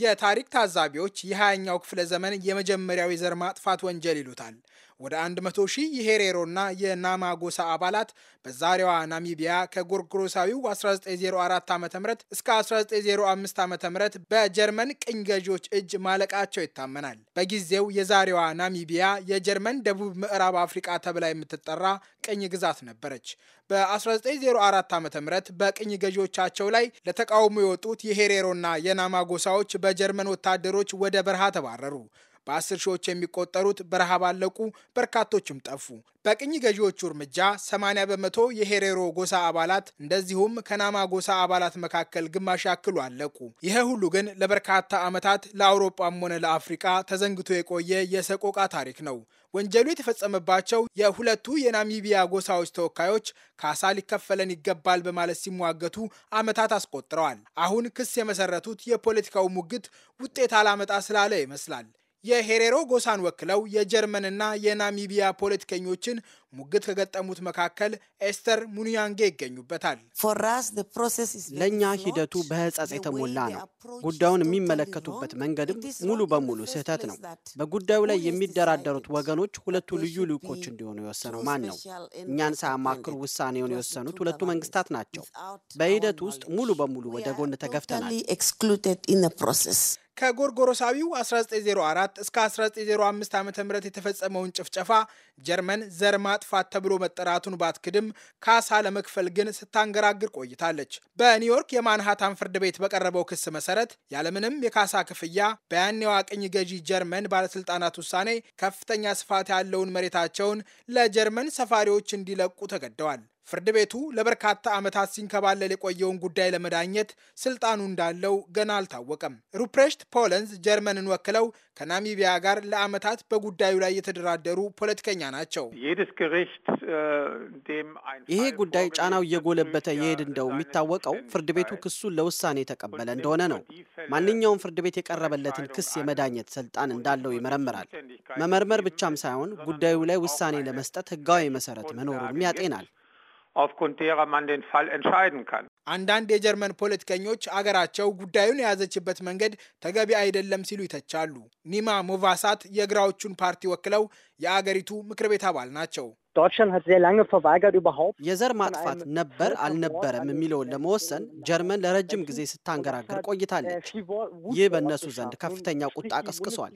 የታሪክ ታዛቢዎች የሃያኛው ክፍለ ዘመን የመጀመሪያው የዘር ማጥፋት ወንጀል ይሉታል። ወደ 100 ሺህ የሄሬሮና የናማ ጎሳ አባላት በዛሬዋ ናሚቢያ ከጎርጎሮሳዊው 1904 ዓ ም እስከ 1905 ዓ ም በጀርመን ቅኝ ገዢዎች እጅ ማለቃቸው ይታመናል። በጊዜው የዛሬዋ ናሚቢያ የጀርመን ደቡብ ምዕራብ አፍሪቃ ተብላ የምትጠራ ቅኝ ግዛት ነበረች። በ1904 ዓ ም በቅኝ ገዢዎቻቸው ላይ ለተቃውሞ የወጡት የሄሬሮና የናማ ጎሳዎች በጀርመን ወታደሮች ወደ በረሃ ተባረሩ። በአስር ሺዎች የሚቆጠሩት በረሃብ አለቁ፣ በርካቶችም ጠፉ። በቅኝ ገዢዎቹ እርምጃ 80 በመቶ የሄሬሮ ጎሳ አባላት እንደዚሁም ከናማ ጎሳ አባላት መካከል ግማሽ ያክሉ አለቁ። ይሄ ሁሉ ግን ለበርካታ ዓመታት ለአውሮጳም ሆነ ለአፍሪቃ ተዘንግቶ የቆየ የሰቆቃ ታሪክ ነው። ወንጀሉ የተፈጸመባቸው የሁለቱ የናሚቢያ ጎሳዎች ተወካዮች ካሳ ሊከፈለን ይገባል በማለት ሲሟገቱ ዓመታት አስቆጥረዋል። አሁን ክስ የመሰረቱት የፖለቲካው ሙግት ውጤት አላመጣ ስላለ ይመስላል። የሄሬሮ ጎሳን ወክለው የጀርመንና የናሚቢያ ፖለቲከኞችን ሙግት ከገጠሙት መካከል ኤስተር ሙኒያንጌ ይገኙበታል። ለእኛ ሂደቱ በህጸጽ የተሞላ ነው። ጉዳዩን የሚመለከቱበት መንገድም ሙሉ በሙሉ ስህተት ነው። በጉዳዩ ላይ የሚደራደሩት ወገኖች ሁለቱ ልዩ ልዑኮች እንዲሆኑ የወሰነው ማን ነው? እኛን ሳያማክሩ ውሳኔውን የወሰኑት ሁለቱ መንግስታት ናቸው። በሂደቱ ውስጥ ሙሉ በሙሉ ወደ ጎን ተገፍተናል። ከጎርጎሮሳዊው 1904 እስከ 1905 ዓ ም የተፈጸመውን ጭፍጨፋ ጀርመን ዘርማ? ማጥፋት ተብሎ መጠራቱን ባትክድም ካሳ ለመክፈል ግን ስታንገራግር ቆይታለች። በኒውዮርክ የማንሃታን ፍርድ ቤት በቀረበው ክስ መሰረት ያለምንም የካሳ ክፍያ በያኔዋ ቅኝ ገዢ ጀርመን ባለስልጣናት ውሳኔ ከፍተኛ ስፋት ያለውን መሬታቸውን ለጀርመን ሰፋሪዎች እንዲለቁ ተገደዋል። ፍርድ ቤቱ ለበርካታ ዓመታት ሲንከባለል የቆየውን ጉዳይ ለመዳኘት ስልጣኑ እንዳለው ገና አልታወቀም። ሩፕሬሽት ፖለንዝ ጀርመንን ወክለው ከናሚቢያ ጋር ለዓመታት በጉዳዩ ላይ የተደራደሩ ፖለቲከኛ ናቸው። ይሄ ጉዳይ ጫናው እየጎለበተ የሄድ እንደው የሚታወቀው ፍርድ ቤቱ ክሱን ለውሳኔ የተቀበለ እንደሆነ ነው። ማንኛውም ፍርድ ቤት የቀረበለትን ክስ የመዳኘት ስልጣን እንዳለው ይመረምራል። መመርመር ብቻም ሳይሆን ጉዳዩ ላይ ውሳኔ ለመስጠት ህጋዊ መሰረት መኖሩንም ያጤናል። aufgrund derer man den Fall entscheiden kann። አንዳንድ የጀርመን ፖለቲከኞች አገራቸው ጉዳዩን የያዘችበት መንገድ ተገቢ አይደለም ሲሉ ይተቻሉ። ኒማ ሞቫሳት የግራዎቹን ፓርቲ ወክለው የአገሪቱ ምክር ቤት አባል ናቸው። የዘር ማጥፋት ነበር አልነበረም የሚለውን ለመወሰን ጀርመን ለረጅም ጊዜ ስታንገራገር äh, ቆይታለች። ይህ በእነሱ ዘንድ ከፍተኛ ቁጣ ቀስቅሷል።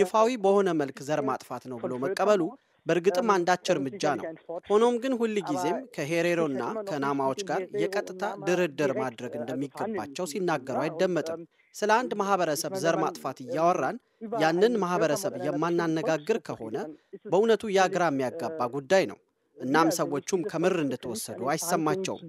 ይፋዊ በሆነ መልክ ዘር ማጥፋት ነው ብሎ መቀበሉ በእርግጥም um, አንዳች um, እርምጃ ነው። ሆኖም ግን ሁል ጊዜም ከሄሬሮና ከናማዎች ጋር የቀጥታ ድርድር ማድረግ uh, እንደሚገባቸው ሲናገሩ um, አይደመጥም። ስለ አንድ ማህበረሰብ ዘር ማጥፋት እያወራን ያንን ማህበረሰብ የማናነጋግር ከሆነ በእውነቱ ያ የሚያጋባ ጉዳይ ነው። እናም ሰዎቹም ከምር እንደተወሰዱ አይሰማቸውም።